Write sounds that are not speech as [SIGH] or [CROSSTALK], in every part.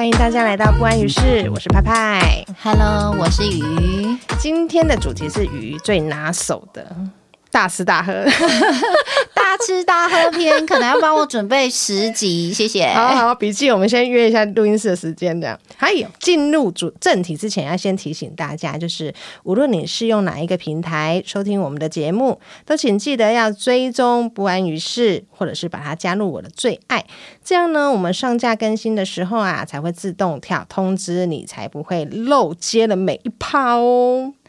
歡迎大家來到《不安於室》，我是派派。Hello，我是魚。今天的主題是魚最拿手的。大吃大喝， [LAUGHS] 大吃大喝篇 [LAUGHS] 可能要幫我準備十集，謝謝。好好，筆記，我們先約一下錄音室的時間這樣。還有，進入主正題之前，要先提醒大家，就是無論你是用哪一個平台收聽我們的節目，都請記得要追蹤不安於室，或者是把它加入我的最愛，這樣呢，我們上架更新的時候啊，才會自動跳通知你，才不會漏接了每一趴哦、喔。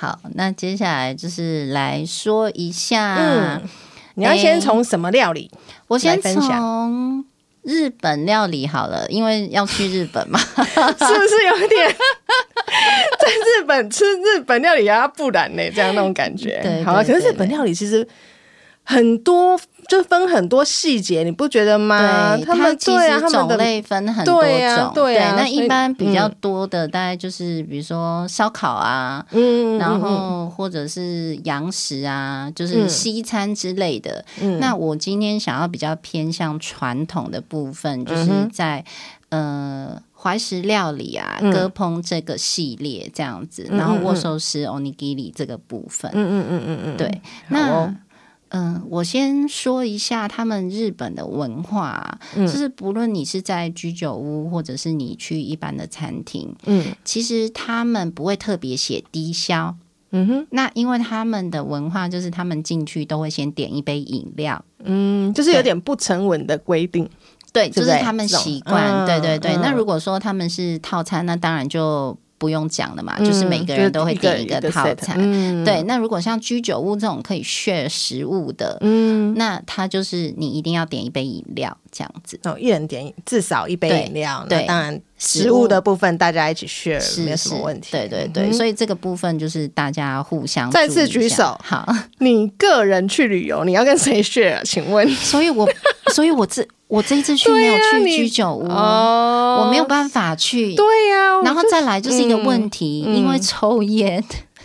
好，那接下來就是來說一下，嗯、你要先從什麼料理？欸、我先從日本料理好了，因為要去日本嘛， [LAUGHS] 是不是有一點 [LAUGHS] 在日本吃日本料理啊，不然呢，這樣那種感覺？對、對、對、對，好了，可是日本料理其實。很多就分很多細節，你不覺得嗎？他們其實種類分很多種。對，那一般比較多的大概就是，比如說燒烤啊，然後或者是洋食啊，就是西餐之類的。那我今天想要比較偏向傳統的部分，就是在呃懷石料理啊，割烹這個系列這樣子，然後握壽司、onigiri 這個部分。嗯嗯嗯嗯對，嗯、呃，我先說一下他們日本的文化，啊，嗯、就是不論你是在居酒屋，或者是你去一般的餐廳，嗯，其實他們不會特別寫低消，嗯哼，那因為他們的文化就是他們進去都會先點一杯飲料，嗯，就是有點不成文的規定，對，對，就是他們習慣，嗯、對對對。嗯、那如果說他們是套餐，那當然就。不用講了嘛，就是每個人都會點一個套餐。對，那如果像居酒屋這種可以 share 食物的，嗯，那他就是你一定要點一杯飲料這樣子。哦，一人點至少一杯飲料。對，當然食物的部分大家一起 share，沒什麼問題。對對對，所以這個部分就是大家互相。再次舉手。好，你個人去旅遊，你要跟誰 share 啊？請問，所以我，所以我自。我這一次去沒有去居酒屋，啊哦、我沒有辦法去。對呀、啊，我然後再來就是一個問題，嗯嗯、因為抽菸。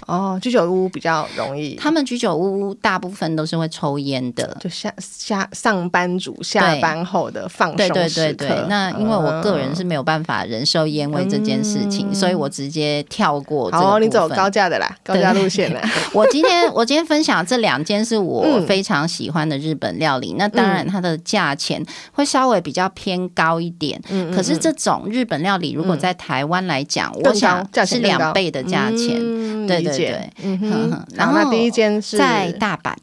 哦，居酒屋比較容易。他們居酒屋大部分都是會抽煙的就，就下下上班族下班後的放鬆時刻對,對,對,對，嗯、那因為我個人是沒有辦法忍受菸味這件事情，嗯、所以我直接跳過。好、哦，你走高價的啦，高價路線啦。我今天我今天分享這兩間是我非常喜歡的日本料理，嗯、那當然它的價錢會稍微比較偏高一點。嗯、可是這種日本料理如果在台灣來講，高我想是兩倍的價錢。嗯、對,對對。對，嗯哼，然後那第一間是在大阪，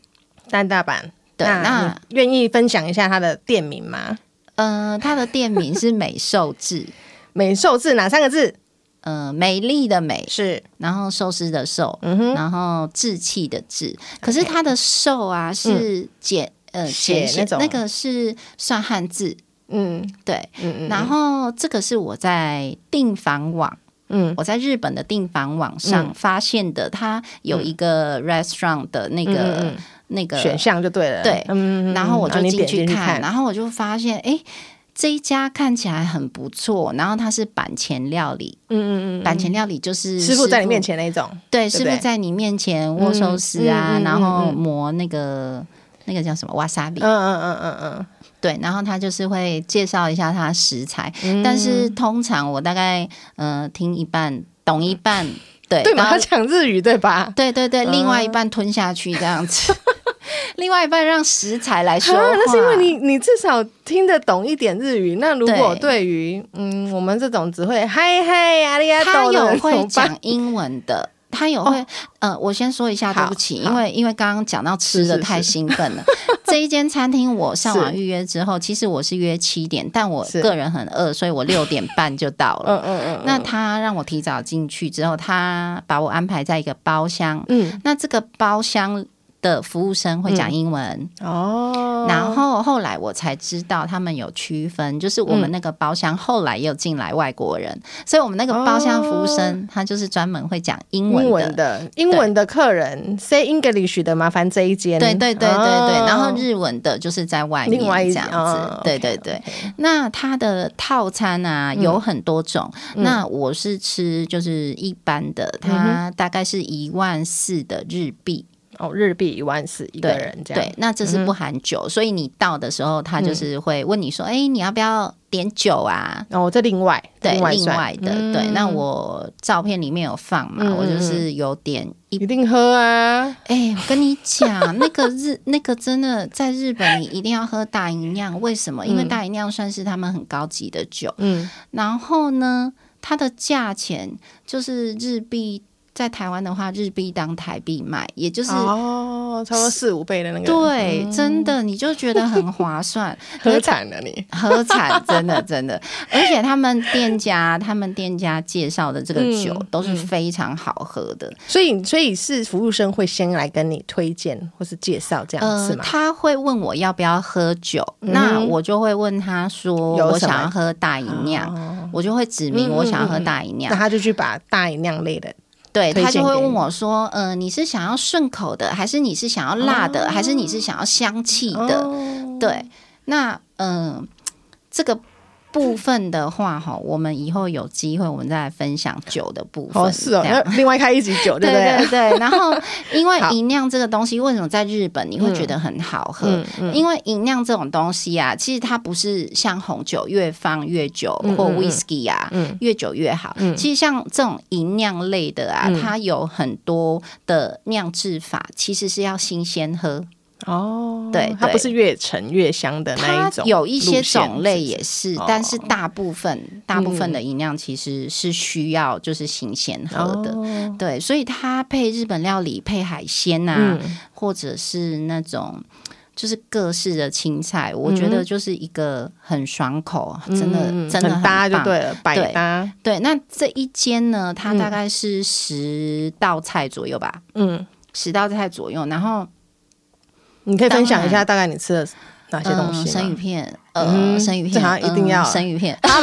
在大阪，對，那願意分享一下他的店名嗎？嗯，他的店名是美壽字。美壽字哪三個字？嗯，美麗的美是，然後壽司的壽，然後志氣的志，可是他的壽啊是簡，呃簡寫，那個是算漢字，嗯嗯，對，嗯嗯，然後這個是我在訂房網。嗯，我在日本的訂房網上發現的，它有一個 restaurant 的那個那個選項就對了，對，然後我就進去看，然後我就發現，哎，這一家看起來很不錯，然後它是板前料理，嗯嗯嗯，板前料理就是師傅在你面前那種，對，師傅在你面前握壽司啊，然後磨那個那個叫什麼哇沙米，嗯嗯嗯嗯嗯。對，然後他就是會介紹一下他的食材，嗯、但是通常我大概嗯、呃、聽一半懂一半，對，對吧後他講日語對吧？對對對，嗯、另外一半吞下去這樣子， [LAUGHS] 另外一半讓食材來說、啊。那是因為你你至少聽得懂一點日語。那如果對於對嗯我們這種只會嗨嗨呀呀豆的，他有會講英文的。 [LAUGHS] 他有會，哦、呃，我先說一下，對不起，好因為好因為剛剛講到吃的太興奮了。是是是這一間餐廳我上網預約之後，是其實我是約七點，但我個人很餓，是所以我六點半就到了。嗯嗯嗯。 [LAUGHS] 那他讓我提早進去之後，他把我安排在一個包廂。嗯，那這個包廂。的服務生會講英文哦，然後後來我才知道他們有區分，就是我們那個包廂後來又進來外國人，所以我們那個包廂服務生他就是專門會講英文的英文的客人，say English 的麻煩這一間，對對對對對，然後日文的就是在外面這樣子，對對對。那他的套餐啊有很多種，那我是吃就是一般的，它大概是一萬四的日幣。哦，日幣一萬四一個人這樣。對，那這是不含酒，所以你到的時候，他就是會問你說：“哎，你要不要點酒啊？”哦，這另外，對，另外的，對。那我照片裡面有放嘛？我就是有點一定喝啊。哎，我跟你講，那個日那個真的在日本，你一定要喝大吟釀。為什麼？因為大吟釀算是他們很高級的酒。嗯。然後呢，它的價錢就是日幣。在台灣的話，日幣當台幣賣，也就是哦，差不多四五倍的那個，對，真的，你就覺得很划算，喝慘了你，喝慘，真的真的，而且他們店家，他們店家介紹的這個酒都是非常好喝的，所以，所以是服務生會先來跟你推薦或是介紹這樣子嗎？他會問我要不要喝酒，那我就會問他說，我想要喝大吟釀，我就會指明我想要喝大吟釀，那他就去把大吟釀類的。對，他就會問我說：“嗯、呃，你是想要順口的，還是你是想要辣的，oh. 還是你是想要香氣的？” oh. 對，那嗯、呃，這個。部分的話，哈，我們以後有機會，我們再來分享酒的部分。哦是哦樣另外開一集酒，對不對？對對對。然後，因為吟釀這個東西，為什麼在日本你會覺得很好喝？嗯、因為吟釀這種東西啊，其實它不是像紅酒越放越久，嗯、或 whisky 啊，嗯、越久越好。嗯、其實像這種吟釀類的啊，它有很多的釀制法，其實是要新鮮喝。哦，對，它不是越陳越香的那一種，有一些種類也是，哦、但是大部分大部分的飲料其實是需要就是新鮮喝的，哦、對，所以它配日本料理、配海鮮吶、啊，嗯、或者是那種就是各式的青菜，嗯、我覺得就是一個很爽口，真的、嗯、真的、嗯、搭就對了，百搭對。對，那這一間呢，它大概是十道菜左右吧，嗯，十道菜左右，然後。你可以分享一下大概你吃了哪些東西、嗯？生魚片，呃，生魚片，這、嗯、好像一定要、嗯、生魚片。哈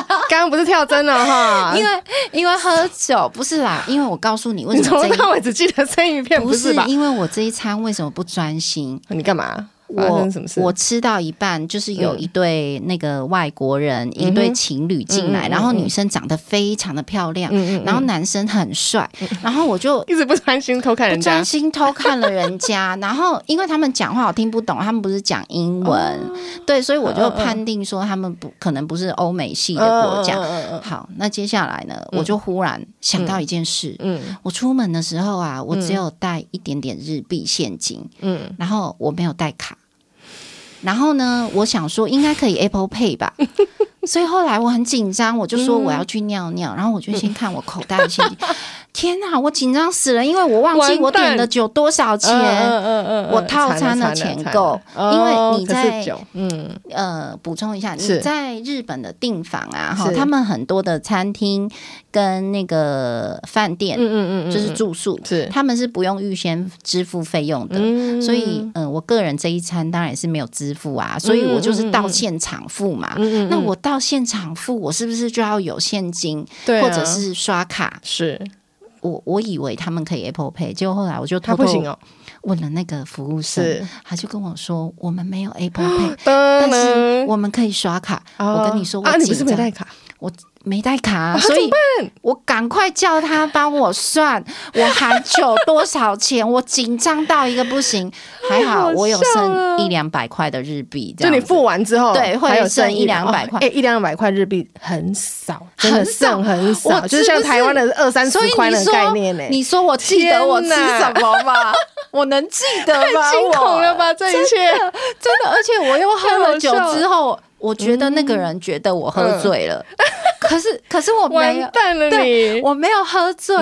嘍，剛剛不是跳針了哈？ [LAUGHS] 因為因為喝酒 [LAUGHS] 不是啦，因為我告訴你，為什麼這？我只記得生魚片，不是因為我這一餐為什麼不專心？ [LAUGHS] 你幹嘛？我我吃到一半，就是有一對那個外國人，一對情侶進來，然後女生長得非常的漂亮，然後男生很帥，然後我就一直不專心偷看人家，不專心偷看了人家，然後因為他們講話我聽不懂，他們不是講英文，對，所以我就判定說他們不可能不是歐美系的國家。好，那接下來呢，我就忽然想到一件事，我出門的時候啊，我只有帶一點點日幣現金，然後我沒有帶卡。然後呢，我想說應該可以 Apple Pay 吧， [LAUGHS] 所以後來我很緊張，我就說我要去尿尿，嗯、然後我就先看我口袋的錢。 [LAUGHS] 天吶，我緊張死了，因為我忘記我點的酒多少錢，我套餐的錢夠。因為你在嗯呃補充一下，你在日本的訂房啊，哈，他們很多的餐廳跟那個飯店，就是住宿，他們是不用預先支付費用的，所以嗯，我個人這一餐當然是沒有支付啊，所以我就是到現場付嘛。那我到現場付，我是不是就要有現金，對。或者是刷卡？是。我我以為他們可以 Apple Pay，結果後來我就偷偷問了那個服務生，哦、他就跟我說：“我們沒有 Apple Pay，喊但是我們可以刷卡。啊”我跟你說我緊，我幾張？卡我。沒帶卡，啊，所以，我趕快叫他幫我算，我還酒多少錢？我緊張到一個不行。還好我有剩一兩百塊的日幣。就你付完之後，對，會有剩一兩百塊，哦。欸，一兩百塊日幣很少，很少，很少，就像台灣的二三十塊的概念呢。你說我記得我吃什麼嗎？我能記得嗎？我太驚恐了吧！這一切，真的，而且我又喝了酒之後，我覺得那個人覺得我喝醉了，嗯。嗯嗯嗯可是可是我沒有對，我沒有喝醉。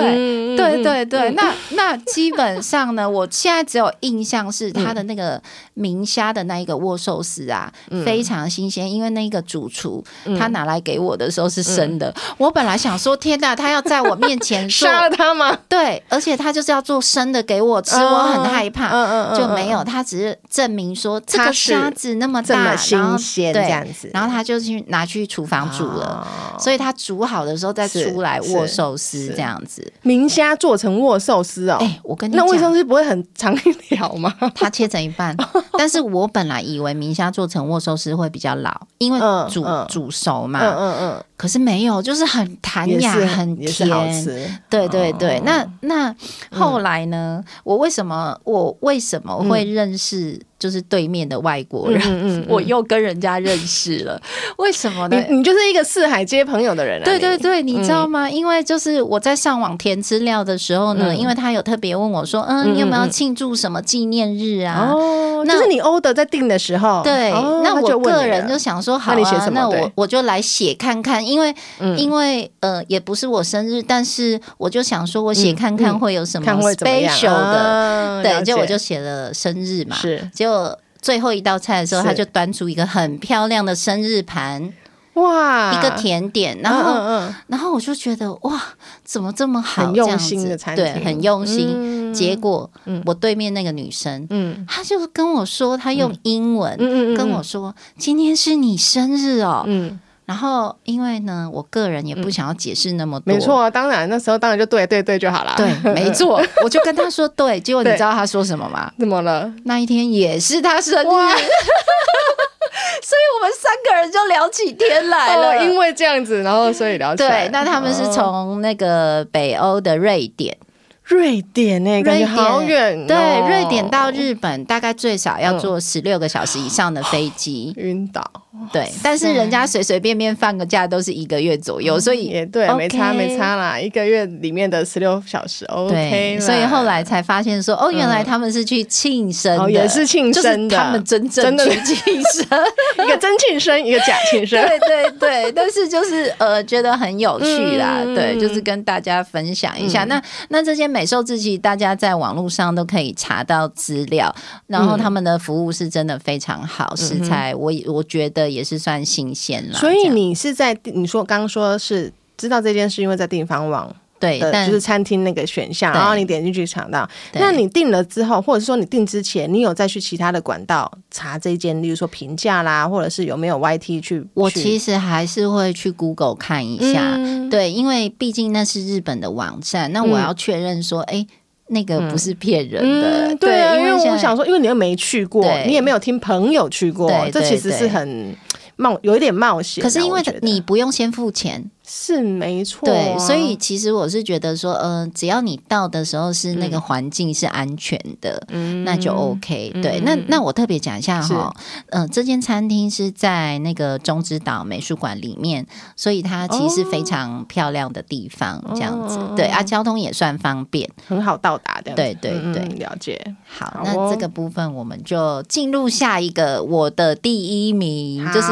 對對對，那那基本上呢，我現在只有印象是他的那個明蝦的那一個握壽司啊，非常新鮮，因為那個主廚他拿來給我的時候是生的。我本來想說，天吶，他要在我面前殺了他嗎？對，而且他就是要做生的給我吃，我很害怕，就沒有。他只是證明說這個蝦子那麼大，新鮮。對，這樣子，然後他就去拿去廚房煮了，所以。它煮好的時候再出來握壽司這樣子，明蝦做成握壽司哦。哎，我跟你那衛生司不會很長一條嗎？它切成一半。但是我本來以為明蝦做成握壽司會比較老，因為煮煮熟嘛。嗯嗯。可是沒有，就是很彈牙，很甜。對對對，那那後來呢？我為什麼我為什麼會認識？就是對面的外國人，我又跟人家認識了，為什麼呢？你就是一個四海皆朋友的人，對對對，你知道嗎？因為就是我在上網填資料的時候呢，因為他有特別問我說，嗯，你有沒有慶祝什麼紀念日啊？哦，就是你歐 r 在定的時候，對，那我個人就想說，好啊，那我我就來寫看看，因為因為呃，也不是我生日，但是我就想說我寫看看會有什麼 special 的，對，就我就寫了生日嘛，是。就最後一道菜的時候，是他就端出一個很漂亮的生日盤，哇，一個甜點，然後，嗯嗯，然後我就覺得哇，怎麼這麼好，這樣子，對，很用心。嗯、結果、嗯、我對面那個女生，嗯，她就跟我說，她用英文跟我說，嗯、今天是你生日哦、喔，嗯然後，因為呢，我個人也不想要解釋那麼多。嗯、沒錯、啊，當然那時候當然就對對對就好了。對，沒錯， [LAUGHS] 我就跟他說對。結果你知道他說什麼嗎？怎麼了？那一天也是他生日，哇 [LAUGHS] 所以我們三個人就聊起天來了。哦、因為這樣子，然後所以聊起。對，那他們是從那個北歐的瑞典。哦瑞典那個好遠。對，瑞典到日本大概最少要坐十六個小時以上的飛機，暈倒。對，但是人家隨隨便便放個假都是一個月左右，所以也對，沒差沒差啦，一個月裡面的十六小時，OK。所以後來才發現說，哦，原來他們是去慶生的，也是慶生的，他們真正的慶生，一個真慶生，一個假慶生，對對對。但是就是呃，覺得很有趣啦，對，就是跟大家分享一下。那那這些。美壽之際，大家在網絡上都可以查到資料，然後他們的服務是真的非常好，嗯、食材我我覺得也是算新鮮了。所以你是在樣你說剛剛說是知道這件事，因為在訂房網。對，就是餐廳那個選項，然後你點進去搶到。那你訂了之後，或者是說你訂之前，你有再去其他的管道查這一間，例如說評價啦，或者是有沒有 YT 去？我其實還是會去 Google 看一下，對，因為畢竟那是日本的網站，那我要確認說，哎，那個不是騙人的，對，因為我想說，因為你又沒去過，你也沒有聽朋友去過，這其實是很冒有一點冒險。可是因為你不用先付錢。是沒錯，對，所以其實我是覺得說，呃，只要你到的時候是那個環境是安全的，嗯，那就 OK。對，那那我特別講一下哈，嗯，這間餐廳是在那個中之島美術館裡面，所以它其實非常漂亮的地方，這樣子。對啊，交通也算方便，很好到達的。對對對，了解。好，那這個部分我們就進入下一個我的第一名，就是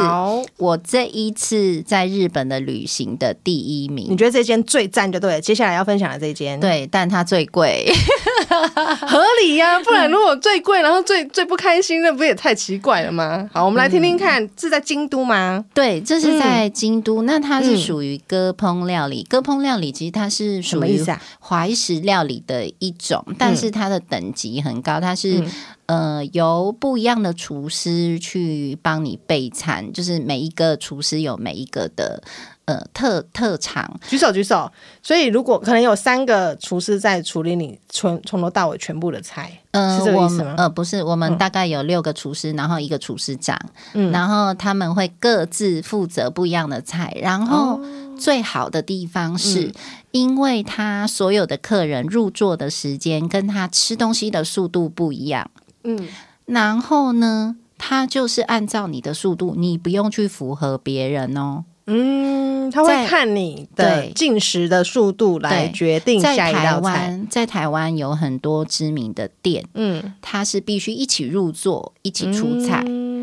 我這一次在日本的旅行的第一名，你覺得這間最讚就對了。接下來要分享的這間，對，但它最貴， [LAUGHS] 合理呀，啊。不然如果最貴，嗯，然後最最不開心，那不也太奇怪了嗎？好，我們來聽聽看，嗯，是在京都嗎？對，這是在京都。嗯，那它是屬於割烹料理，割烹，嗯，料理其實它是屬於懷石料理的一種，啊，但是它的等級很高，它是，嗯，呃由不一樣的廚師去幫你備餐，就是每一個廚師有每一個的。呃，特特長，舉手舉手。所以，如果可能有三個廚師在處理你從從頭到尾全部的菜，嗯，是這個意思嗎？呃，呃，不是，我們大概有六個廚師，嗯，然後一個廚師長，嗯，然後他們會各自負責不一樣的菜。然後最好的地方是，因為他所有的客人入座的時間跟他吃東西的速度不一樣，嗯，然後呢，他就是按照你的速度，你不用去符合別人哦。嗯，他會看你的進食的速度來決定下一道菜。在，在台灣，在台灣有很多知名的店，嗯，他是必須一起入座，一起出菜。嗯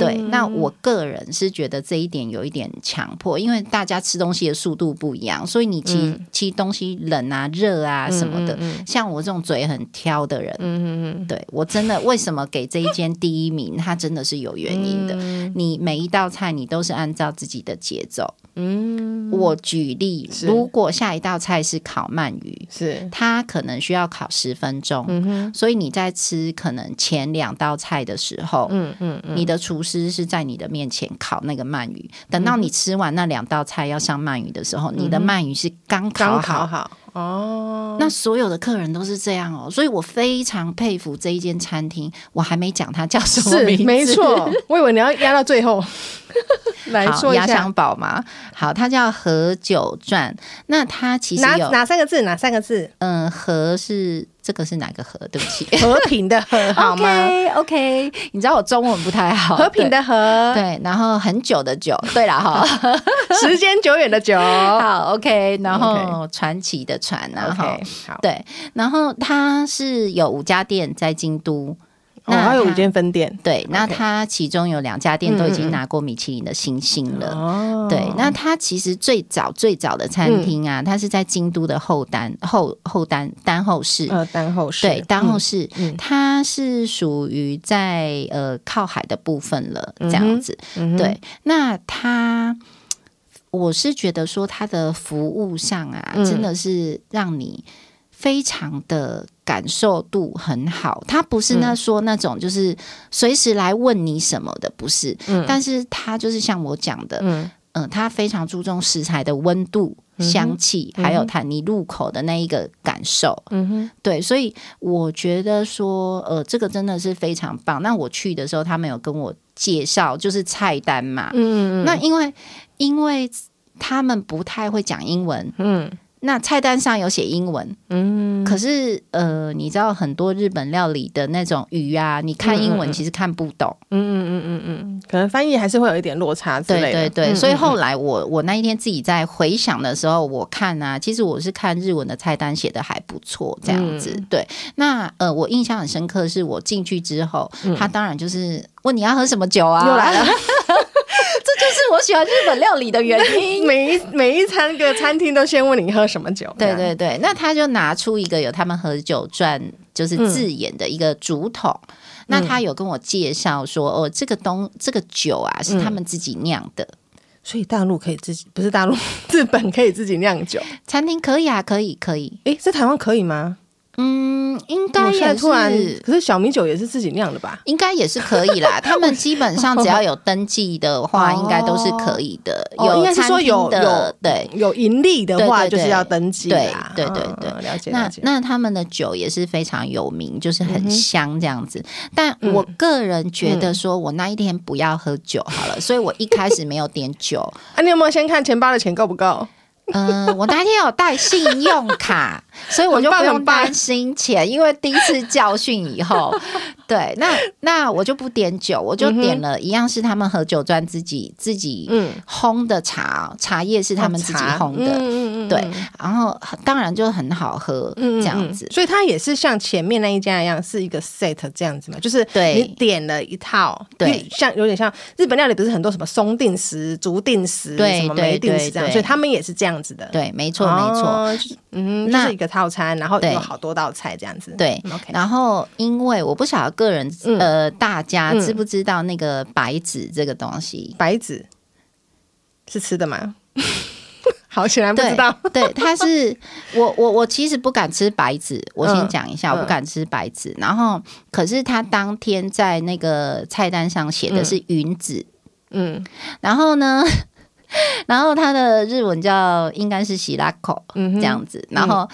對，那我個人是覺得這一點有一點強迫，因為大家吃東西的速度不一樣，所以你吃吃東西冷啊、熱啊什麼的。像我這種嘴很挑的人，嗯嗯嗯，對，我真的，為什麼給這一間第一名，它真的是有原因的。你每一道菜你都是按照自己的節奏。嗯，我舉例，如果下一道菜是烤鰻魚，是，它可能需要烤十分鐘，所以你在吃可能前兩道菜的時候，嗯嗯嗯，你的。廚師是在你的面前烤那個鰻魚，等到你吃完那兩道菜要上鰻魚的時候，嗯，你的鰻魚是剛剛烤好。烤好哦，那所有的客人都是這樣哦，所以我非常佩服這一間餐廳。我還沒講它叫什麼名字。是，沒錯，我以為你要壓到最後 [LAUGHS] [LAUGHS] 來說壓箱寶嘛。好，它叫和久傳。那它其實有哪三個字？哪三個字？嗯，和是。這個是哪個河？對不起，和平的河，好嗎 [LAUGHS] ？OK，, okay [LAUGHS] 你知道我中文不太好。和平的河，對，然後很久的久， [LAUGHS] 對了，哈， [LAUGHS] 時間久遠的久，好，OK，然後傳奇的傳、啊，okay, 然後 okay, 對，然後它是有五家店在京都。那他、哦、還有五間分店，對，那他其中有兩家店都已經拿過米其林的星星了。哦、嗯哼，對，那他其實最早最早的餐廳啊，它、嗯、是在京都的後丹後後丹丹後市，呃，丹後市，對，丹後市，它是屬於在呃靠海的部分了，這樣子。嗯、哼對，那它，我是覺得說它的服務上啊，嗯、真的是讓你。非常的感受度很好，他不是那說那種就是隨時來問你什麼的，不是。嗯，但是他就是像我講的，嗯，呃，他非常注重食材的溫度、香氣，還有談你入口的那一個感受。嗯哼，對，所以我覺得說，呃，這個真的是非常棒。那我去的時候，他們有跟我介紹，就是菜單嘛。嗯，嗯。那因為因為他們不太會講英文，嗯。那菜單上有寫英文，嗯，可是呃，你知道很多日本料理的那種魚啊，你看英文其實看不懂，嗯嗯嗯，嗯嗯嗯嗯，可能翻譯還是會有一點落差之類的，對對對。所以後來我我那一天自己在回想的時候，我看啊，其實我是看日文的菜單寫的還不錯，這樣子。嗯嗯對，那呃，我印象很深刻，是我進去之後，嗯、他當然就是問你要喝什麼酒啊。又來了 [LAUGHS] [LAUGHS] 這就是我喜歡日本料理的原因。 [LAUGHS] 每一每一餐，個餐廳都先問你喝什麼酒。 [LAUGHS] 對對對，那他就拿出一個有他們喝酒賺就是字眼的一個竹筒。嗯、那他有跟我介紹說，哦，這個東這個酒啊是他們自己釀的、嗯，所以大陸可以自己，不是大陸日本可以自己釀酒，餐廳可以啊，可以可以。哎、欸，在台灣可以嗎？嗯，應該也是也突然。可是小米酒也是自己釀的吧？應該也是可以啦。 [LAUGHS] 他們基本上只要有登記的話，應該都是可以的。哦、有餐的應該是說有的，有有對，對，對有盈利的話，就是要登記。對對對對，嗯、了解，了解。那那他們的酒也是非常有名，就是很香這樣子。嗯、哼但我個人覺得，說我那一天不要喝酒好了，嗯、所以我一開始沒有點酒。 [LAUGHS] 啊，你有沒有先看錢包的錢夠不夠？ [LAUGHS] 嗯，我那天有帶信用卡， [LAUGHS] 所以我就不用擔心錢，很棒 因為第一次教訓以後， [LAUGHS] 對，那那我就不點酒，我就點了一樣是他們喝酒專自己，嗯、哼自己烘的茶，茶葉是他們自己烘的。哦。對，然後當然就很好喝這樣子，所以它也是像前面那一家一樣，是一個 set 這樣子嘛，就是對，你點了一套，對，像有點像日本料理，不是很多什麼松定食、竹定食、什麼梅定食這樣，所以他們也是這樣子的，對，沒錯，沒錯，嗯，那是一個套餐，然後有好多道菜這樣子，對，然後因為我不曉得個人呃大家知不知道那個白子這個東西，白子是吃的嗎？好起來不知道對，對，他是 [LAUGHS] 我我我其實不敢吃白子，我先講一下，嗯、我不敢吃白子，然後可是他當天在那個菜單上寫的是雲子、嗯，嗯，然後呢，然後他的日文叫應該是西拉口、嗯、哼這樣子，然後、嗯、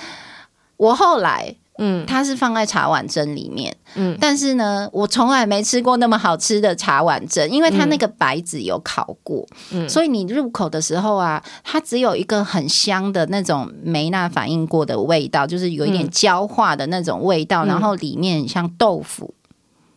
我後來。它是放在茶碗蒸裡面。嗯，但是呢，我從來沒吃過那麼好吃的茶碗蒸，因為它那個白子有烤過。嗯，所以你入口的時候啊，它只有一個很香的那種梅納反應過的味道，就是有一點焦化的那種味道，嗯，然後裡面像豆腐。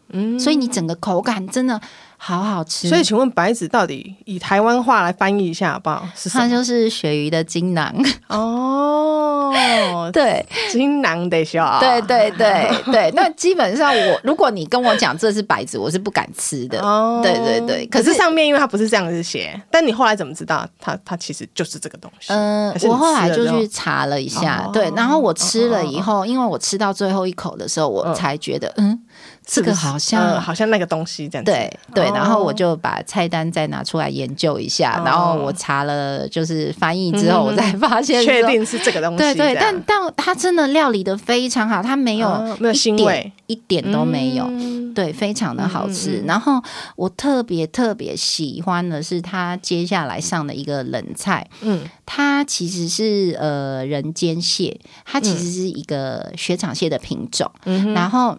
嗯，所以你整個口感真的。好好吃，所以請問白子到底以台灣話來翻譯一下好不好？它就是鱈魚的筋囊哦，對，筋囊的笑，對對對對。那基本上我如果你跟我講這是白子，我是不敢吃的。哦，對對對，可是上面因為它不是這樣子寫，但你後來怎麼知道它它其實就是這個東西？嗯，我後來就去查了一下，對，然後我吃了以後，因為我吃到最後一口的時候，我才覺得嗯。這個好像好像那個東西，真的，對對，然後我就把菜單再拿出來研究一下，然後我查了就是翻譯之後，我才發現確定是這個東西。對對，但但他真的料理得非常好，他沒有沒有腥味，一點都沒有，對，非常的好吃。然後我特別特別喜歡的是他接下來上的一個冷菜，它其實是呃人間蟹，它其實是一個雪場蟹的品種，然後。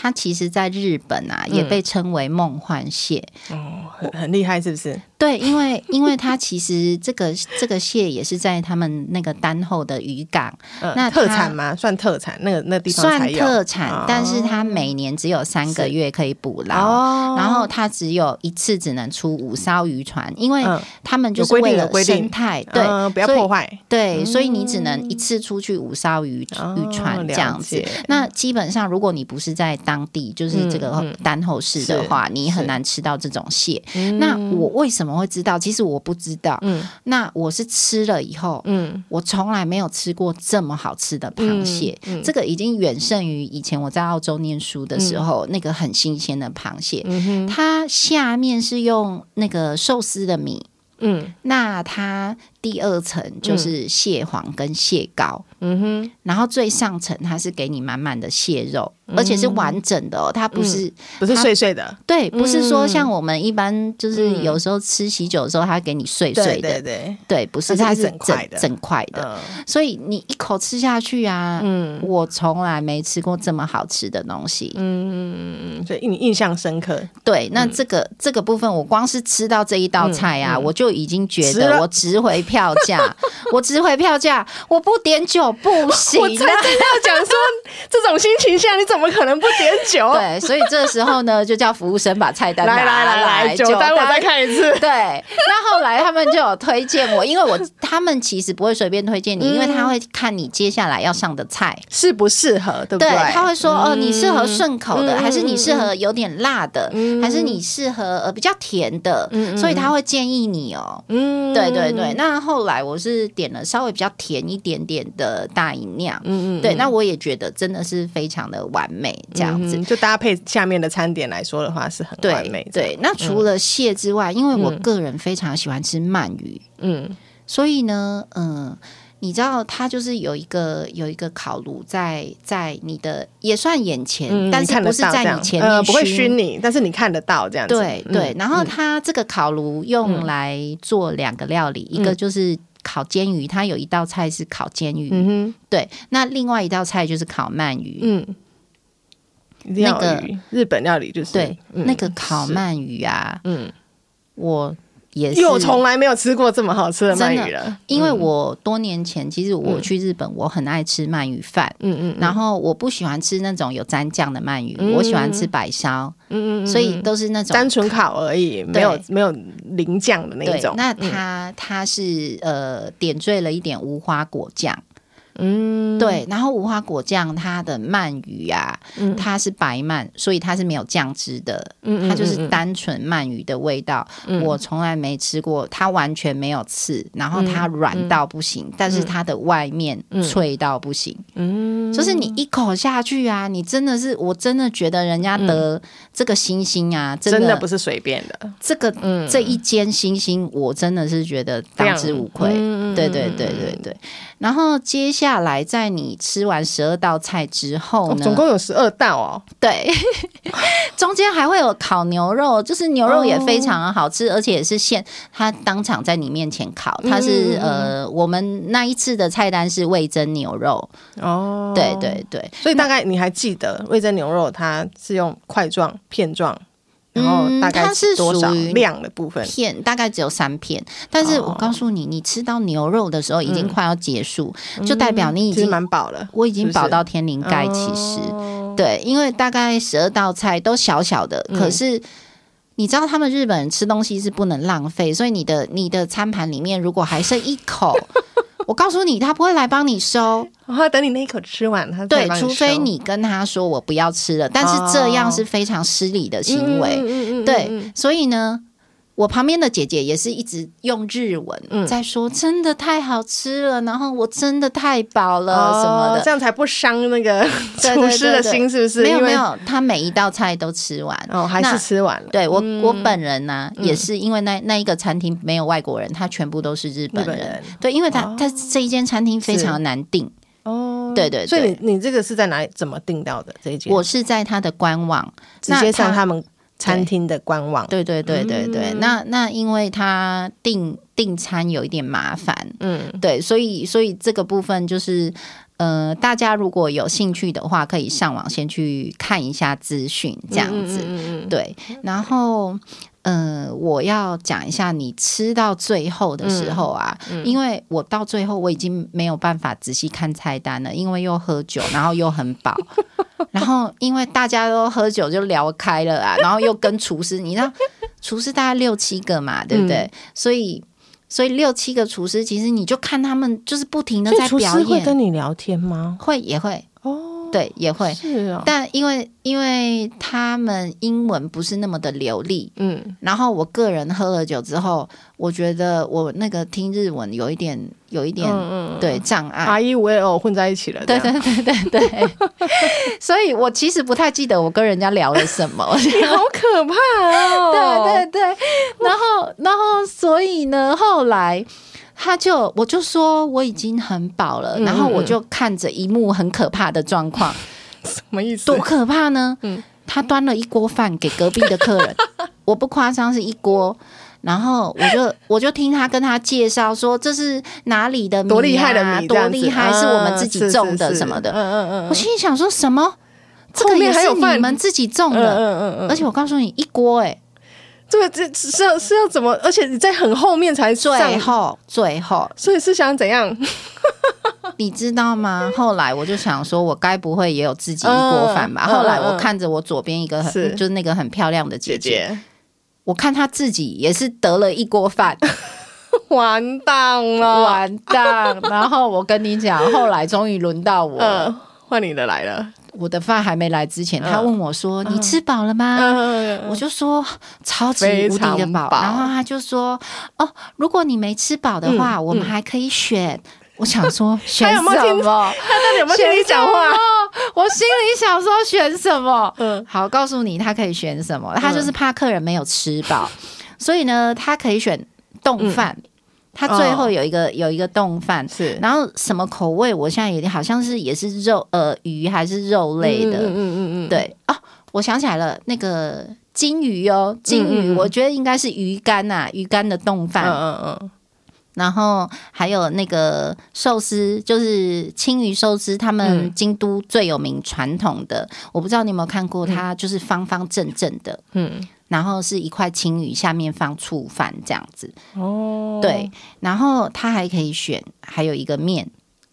它其實，在日本啊，也被稱為夢幻蟹。嗯，哦，很很厲害，是不是？對，因為因為它其實這個這個蟹也是在他們那個丹後的漁港，那特產嗎？算特產？那個那地方算特產，但是它每年只有三個月可以捕撈，是然後它只有一次只能出五艘漁船，因為他們就是為了生態，嗯、對，不要破壞，對、嗯，所以你只能一次出去五艘漁漁船這樣子。那基本上如果你不是在當地，就是這個丹後市的話，嗯、你很難吃到這種蟹。嗯、那我為什麼？怎麼會知道？其實我不知道。嗯、那我是吃了以後，嗯、我從來沒有吃過這麼好吃的螃蟹。嗯嗯、這個已經遠勝於以前我在澳洲念書的時候、嗯、那個很新鮮的螃蟹。嗯、哼它下面是用那個壽司的米。嗯，那它。第二層就是蟹黃跟蟹膏，嗯哼，然後最上層它是給你滿滿的蟹肉，而且是完整的哦，它不是不是碎碎的，對，不是說像我們一般就是有時候吃喜酒的時候，它給你碎碎的，對，不是它是整塊的整塊的，所以你一口吃下去啊，嗯，我從來沒吃過這麼好吃的東西，嗯嗯嗯嗯，所以你印象深刻，對，那這個這個部分，我光是吃到這一道菜啊，我就已經覺得我值回。票價，我只回票價，我不點酒不行。 [LAUGHS] 我才真的要講說。這種心情下，你怎麼可能不點酒？對，所以這時候呢，就叫服務生把菜單拿來，來來來，酒單我再看一次。對，那後來他們就有推薦我，因為我他們其實不會隨便推薦你，因為他會看你接下來要上的菜適不適合，對不對？他會說哦，你適合順口的，還是你適合有點辣的，還是你適合比較甜的？所以他會建議你哦。嗯，對對對。那後來我是點了稍微比較甜一點點的大吟釀。嗯嗯。對，那我也覺得這。真的是非常的完美，這樣子、嗯、就搭配下面的餐點來說的話，是很完美對。對，那除了蟹之外，嗯、因為我個人非常喜歡吃鰻魚，嗯，所以呢，嗯，你知道它就是有一個有一個烤爐在在你的也算眼前，嗯、但是不是在你前面你看得到、呃，不會燻你，但是你看得到這樣子。對對，然後它這個烤爐用來做兩個料理，嗯、一個就是。烤煎魚，它有一道菜是烤煎魚，嗯、哼對。那另外一道菜就是烤鰻魚，那料理，日本料理就是對，嗯、那個烤鰻魚啊，嗯，我。因為我從來沒有吃過這麼好吃的鰻魚了，因為我多年前、嗯、其實我去日本，我很愛吃鰻魚飯、嗯，嗯嗯，然後我不喜歡吃那種有蘸醬的鰻魚，嗯、我喜歡吃白燒、嗯，嗯嗯，所以都是那種單純烤而已，對沒有沒有淋醬的那一種。那它它是呃點綴了一點無花果醬。嗯，對，然後無花果醬它的鰻魚啊，它是白鰻，所以它是沒有醬汁的，它就是單純鰻魚的味道。我從來沒吃過，它完全沒有刺，然後它軟到不行，但是它的外面脆到不行。嗯，就是你一口下去啊，你真的是，我真的覺得人家得這個星星啊，真的不是隨便的。這個這一間星星，我真的是覺得當之無愧。對對對對對。然後接下來，在你吃完十二道菜之後呢，哦、總共有十二道哦。對，中間還會有烤牛肉，就是牛肉也非常的好吃，哦、而且也是現他當場在你面前烤。它是、嗯、呃，嗯、我們那一次的菜單是味噌牛肉哦，對對對。所以大概你還記得那味噌牛肉，它是用塊狀、片狀。然後大概嗯，它是屬於量的部分，片大概只有三片。哦、但是我告訴你，你吃到牛肉的時候已經快要結束，嗯、就代表你已經蠻飽了。我已經飽到天靈蓋，其實是不是、哦、對，因為大概十二道菜都小小的，嗯、可是你知道他們日本人吃東西是不能浪費，所以你的你的餐盤裡面如果還剩一口。 [LAUGHS] 我告訴你，他不會來幫你收，然後等你那一口吃完，他對，除非你跟他說我不要吃了，但是這樣是非常失禮的行為，哦、對，嗯嗯嗯嗯，所以呢。我旁邊的姐姐也是一直用日文在說，真的太好吃了，然後我真的太飽了什麼的，這樣才不傷那個廚師的心，是不是？沒有沒有，他每一道菜都吃完，哦，還是吃完了。對，我我本人呢，也是因為那那一個餐廳沒有外國人，他全部都是日本人，對，因為他他這一間餐廳非常難訂哦，對對，所以你你這個是在哪裡怎麼訂到的這一間？我是在他的官網直接上他們。餐廳的官網，對，對對對對對，嗯嗯，那那因為他訂訂餐有一點麻煩，嗯，對，所以所以這個部分就是，呃，大家如果有興趣的話，可以上網先去看一下資訊，這樣子，嗯嗯嗯嗯對，然後。嗯、呃，我要講一下，你吃到最後的時候啊，嗯嗯、因為我到最後我已經沒有辦法仔細看菜單了，因為又喝酒，然後又很飽， [LAUGHS] 然後因為大家都喝酒就聊開了啊，然後又跟廚師， [LAUGHS] 你知道廚師大概六七個嘛，對不對？嗯、所以，所以六七個廚師，其實你就看他們就是不停的在表演，會跟你聊天嗎？會，也會。對，也會，是啊，但因為因為他們英文不是那麼的流利，嗯，然後我個人喝了酒之後，我覺得我那個聽日文有一點，有一點，嗯嗯，對，障礙，啊咦，我也有混在一起了，對對對對對， [LAUGHS] 所以，我其實不太記得我跟人家聊了什麼， [LAUGHS] [LAUGHS] 你好可怕哦， [LAUGHS] 對對對，然後，然後，所以呢，後來。他就我就說我已經很飽了，嗯嗯然後我就看着一幕很可怕的狀況，什麼意思？多可怕呢？嗯、他端了一鍋飯給隔壁的客人， [LAUGHS] 我不誇張是一鍋，然後我就我就聽他跟他介紹說這是哪裡的米、啊、多厲害的米、嗯、多厲害是我們自己種的什麼的，是是是嗯嗯我心裡想說什麼？這個也是你們自己種的，嗯嗯嗯而且我告訴你一鍋、欸，哎。這個這是要是要怎麼？而且你在很後面才最後最後，所以是想怎樣？你知道嗎？後來我就想說，我該不會也有自己一鍋飯吧？哦、後來我看着我左邊一個很，是就是那個很漂亮的姐姐，姐姐我看她自己也是得了一鍋飯，完蛋了，完蛋。完蛋 [LAUGHS] 然後我跟你講，後來終於輪到我、呃、換你的來了。我的飯還沒來之前，他問我說：“嗯、你吃飽了嗎？”嗯嗯嗯、我就說：“超級無敵的飽。”然後他就說：“哦，如果你沒吃飽的話，嗯嗯、我們還可以選。”我想說：“選什麼？ [LAUGHS] 他，有有他到底有沒有聽你講話？”我心裡想說：“選什麼？”嗯、好，告訴你他可以選什麼。他就是怕客人沒有吃飽，嗯、所以呢，他可以選丼飯。嗯它最後有一個、哦、有一個丼飯，是然後什麼口味？我現在有點好像是也是肉呃魚還是肉類的，嗯，嗯嗯嗯，對、哦、我想起來了，那個金魚哦，金魚，嗯、我覺得應該是魚乾吶、啊，魚乾的丼飯，嗯嗯然後還有那個壽司，就是青魚壽司，他們京都最有名傳統的，嗯、我不知道你有沒有看過，嗯、它就是方方正正的，嗯。然後是一塊青魚，下面放醋飯這樣子。哦，對，然後他還可以選，還有一個麵，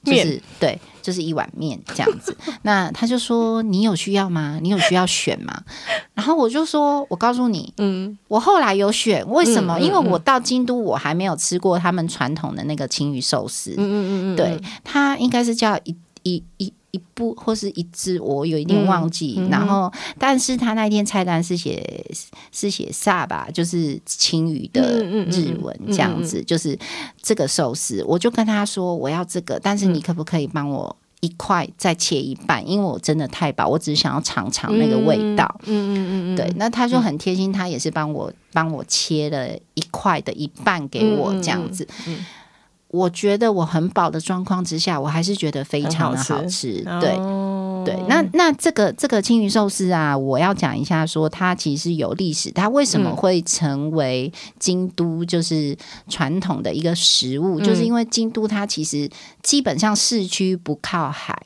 就是，麵，對，就是一碗麵這樣子。 [LAUGHS] 那他就說：“你有需要嗎？你有需要選嗎？” [LAUGHS] 然後我就說：“我告訴你，嗯，我後來有選，為什麼？嗯嗯嗯、因為我到京都，我還沒有吃過他們傳統的那個青魚壽司。嗯嗯嗯對，他應該是叫一一一。”一部或是一隻，我有一點忘記。嗯嗯、然後，但是他那天菜單是寫是寫啥吧，就是青魚的日文、嗯嗯嗯、這樣子，就是這個壽司。我就跟他說，我要這個，但是你可不可以幫我一塊再切一半？嗯、因為我真的太飽，我只是想要嘗嘗那個味道。嗯嗯嗯對。那他說很貼心，他也是幫我幫我切了一塊的一半給我這樣子。嗯嗯嗯我覺得我很飽的狀況之下，我還是覺得非常的好吃。好吃，對、哦，對，那那這個這個鯖魚壽司啊，我要講一下說，說它其實有歷史，它為什麼會成為京都就是傳統的一個食物，嗯、就是因為京都它其實基本上市區不靠海。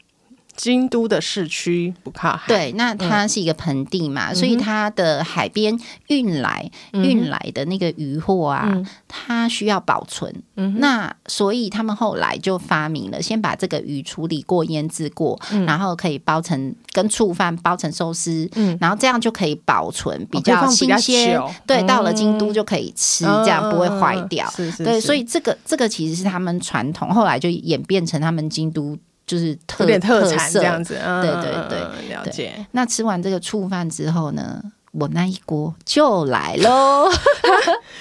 京都的市區不靠海，對，那它是一個盆地嘛，所以它的海邊運來運來的那個魚貨啊，它需要保存，那所以他們後來就發明了，先把這個魚處理過、醃制過，然後可以包成跟醋飯、包成壽司，然後這樣就可以保存比較新鮮，對，到了京都就可以吃，這樣不會壞掉。是是，對，所以這個這個其實是他們傳統，後來就演變成他們京都。就是特點、特產這樣子，嗯、對，對對對，了解。那吃完這個醋飯之後呢，我那一鍋就來嘍， [LAUGHS] [LAUGHS]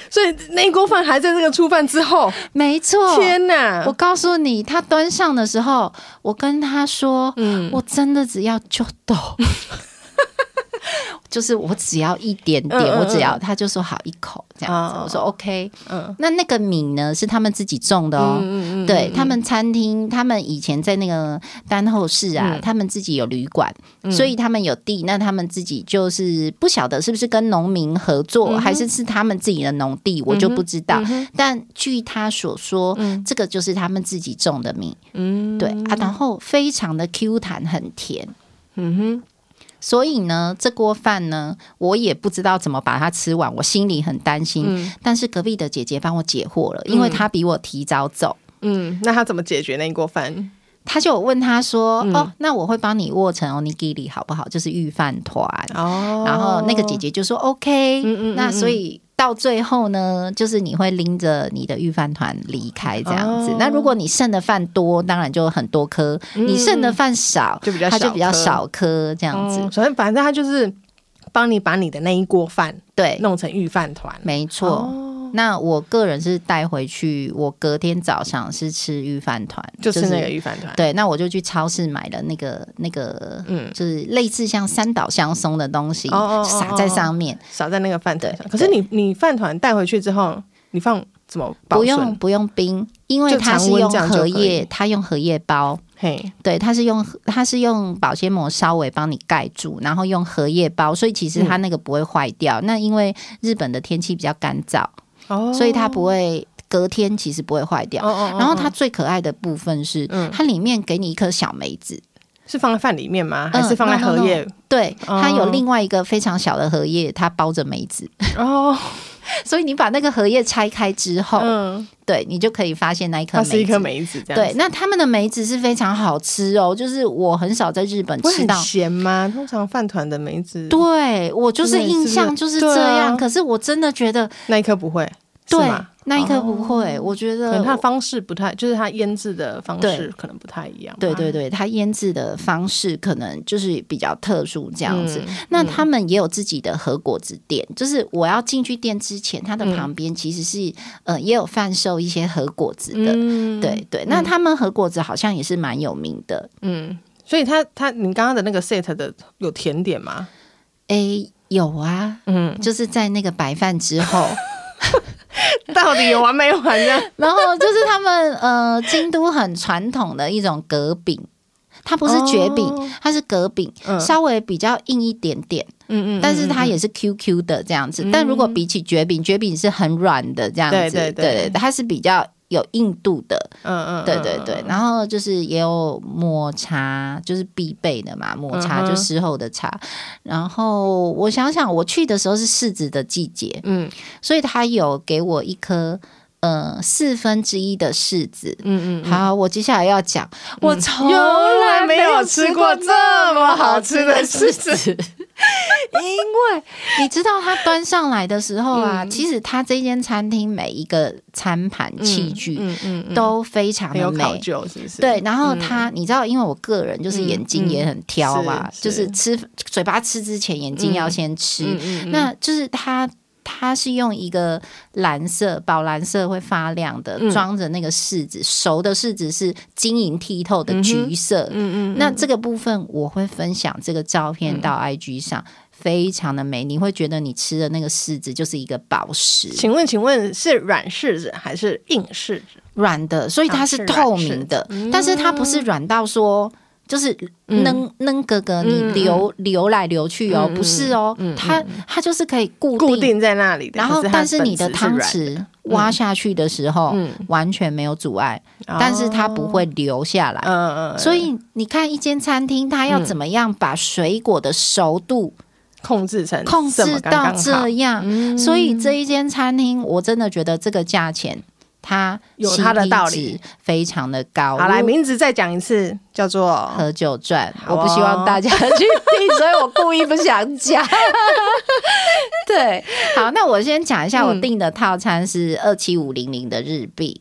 所以那一鍋飯還在這個醋飯之後，沒錯錯。天哪！我告訴你，他端上的時候，我跟他說，嗯、我真的只要就到。 [LAUGHS] 就是我只要一點點，我只要他就說好一口這樣子，我說 OK。那那個米呢是他們自己種的哦，對他們餐廳，他們以前在那個丹後市啊，他們自己有旅館，所以他們有地，那他們自己就是不曉得是不是跟農民合作，還是是他們自己的農地，我就不知道。但據他所說，這個就是他們自己種的米，嗯，對啊，然後非常的 Q 彈，很甜，嗯哼。所以呢，這鍋飯呢，我也不知道怎麼把它吃完，我心裡很擔心。嗯、但是隔壁的姐姐幫我解惑了，嗯、因為她比我提早走。嗯。那她怎麼解決那一鍋飯？她就問她說：“嗯、哦，那我會幫你握成 onigiri 好不好？就是御飯糰。”哦。然後那個姐姐就說：“OK。嗯嗯嗯嗯”那所以。到最後呢，就是你會拎着你的御飯團離開這樣子。Oh. 那如果你剩的飯多，當然就很多顆；嗯、你剩的飯少，就它就比較少顆。這樣子，反正、嗯、反正它就是幫你把你的那一鍋飯對，弄成御飯團，沒錯。Oh. 那我個人是帶回去，我隔天早上是吃御飯糰，就是那個御飯糰。對，那我就去超市買了那個那個，嗯，就是類似像三島香鬆的東西，撒、哦哦哦哦、在上面，撒在那個飯糰上。對可是你你飯糰帶回去之後，你放怎麼保存？不用不用冰，因為它是用荷葉，它用荷葉包。嘿，對，它是用它是用保鮮膜稍微幫你蓋住，然後用荷葉包，所以其實它那個不會壞掉。嗯、那因為日本的天氣比較乾燥。Oh, 所以它不會隔天，其實不會壞掉。Oh, oh, oh, oh, oh. 然後它最可愛的部分是，它裡面給你一顆小梅子，嗯、是放在飯裡面嗎？嗯、還是放在荷葉？No, no, no. 對，它、oh. 有另外一個非常小的荷葉，它包着梅子。哦。Oh. 所以你把那個荷葉拆開之後，嗯，對，你就可以發現那一顆，它是一顆梅子，啊、梅子這樣對。那他們的梅子是非常好吃哦，就是我很少在日本吃到鹹嗎？通常飯團的梅子，對，我就是印象就是這樣。是是啊、可是我真的覺得那一顆不會，對。那一刻不會，哦、我覺得他方式不太，就是他醃製的方式可能不太一樣。對對對，他醃製的方式可能就是比較特殊這樣子。嗯、那他們也有自己的和果子店，嗯、就是我要進去店之前，它的旁邊其實是、嗯、呃也有販售一些和果子的。嗯、對，對對，那他們和果子好像也是蠻有名的。嗯，所以他他，你剛剛的那個 set 的有甜點嗎？哎、欸，有啊，嗯，就是在那個白飯之後。 [LAUGHS] [LAUGHS] 到底有完沒完呢？ [LAUGHS] 然後就是他們呃，京都很傳統的一種葛餅，它不是蕨餅，哦、它是葛餅，嗯、稍微比較硬一點點，嗯嗯嗯嗯，但是它也是 QQ 的這樣子。嗯、但如果比起蕨餅，蕨餅是很軟的這樣子，對，對對，它是比較。有印度的，嗯嗯，嗯對對對，然後就是也有抹茶，就是必備的嘛，抹茶就之後的茶。嗯、哼然後我想想，我去的時候是柿子的季節，嗯，所以他有給我一顆，呃，四分之一的柿子，嗯，嗯嗯，好，我接下來要講，我從來，沒有吃過這麼好吃的柿子， [LAUGHS] 因為你知道他端上來的時候啊，嗯、其實他這間餐廳每一個餐盤器具，都非常的美、嗯嗯嗯、有考究。是不是？對，然後他、嗯、你知道，因為我個人就是眼睛也很挑嘛，嗯嗯、是是就是吃嘴巴吃之前，眼睛要先吃，嗯嗯嗯嗯嗯、那就是他。它是用一個藍色、寶藍色會發亮的裝着、嗯、那個柿子，熟的柿子是晶瑩剔透的橘色。嗯嗯，嗯嗯，那這個部分我會分享這個照片到 IG 上，嗯、非常的美。你會覺得你吃的那個柿子就是一個寶石。請問，請問是軟柿子還是硬柿子？軟的，所以它是透明的，啊、是軟柿子。但是它不是軟到說。就是扔扔，哥哥，你流流來流去哦、喔，不是哦，它它就是可以固定固定在那裡然後，但是你的湯匙挖下去的時候，完全沒有阻礙，但是它不會流下來。所以你看，一間餐廳它要怎麼樣把水果的熟度控制成控制到這樣？所以這一間餐廳，我真的覺得這個價錢。它有它的道理，非常的高。的好來，來名字再講一次，叫做何九傳。哦、我不希望大家去訂，所以我故意不想講。 [LAUGHS] [LAUGHS] 對，好，那我先講一下，我訂的套餐是二七五零零的日幣，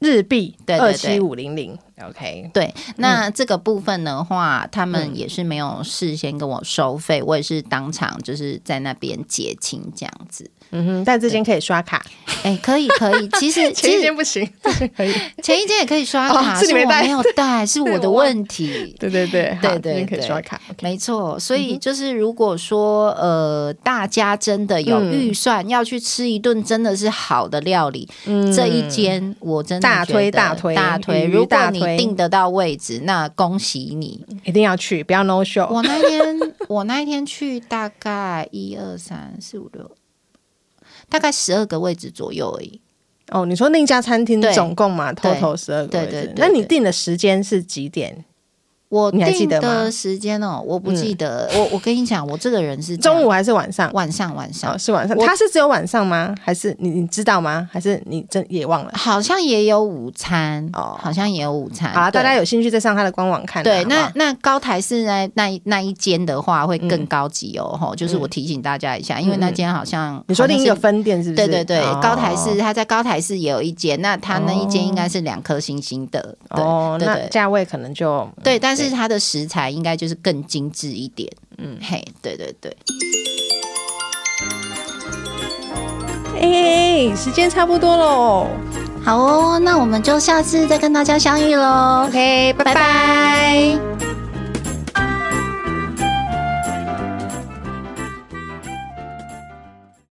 日幣幣對，二七五零零，OK。對，那這個部分的話，他們也是沒有事先跟我收費，嗯、我也是當場就是在那邊結清這樣子。嗯哼，但這間可以刷卡，哎，可以可以。其實前一間不行，但可以前一間也可以刷卡。是我沒有帶，是我的問題。對對對對對，刷卡。沒錯，所以就是如果說呃，大家真的有預算要去吃一頓真的是好的料理，這一間我真的大推大推大推。如果你定得到位置，那恭喜你，一定要去，不要 no show。我那天我那一天去大概一二三四五六，大概十二個位置左右而已。哦，你說那家餐廳總共嘛，total 十二個位置。對對，對對對，那你訂的時間是幾點？我定的時間哦，我不記得。我我跟你講，我這個人是中午還是晚上？晚上晚上哦，是晚上。他是只有晚上嗎？還是你你知道嗎？還是你真也忘了？好像也有午餐哦，好像也有午餐。好，大家有興趣再上他的官網看。對，那那高台寺在那那一間的話會更高級哦。就是我提醒大家一下，因為那間好像你說另一個分店是不是？對對對，高台寺他在高台寺也有一間，那他那一間應該是兩顆星星的。對，那價位可能就對，但是。是它的食材應該就是更精緻一點，嗯嘿，對對對，哎、欸，時間差不多了，好哦，那我們就下次再跟大家相遇嘍，OK，拜拜。拜拜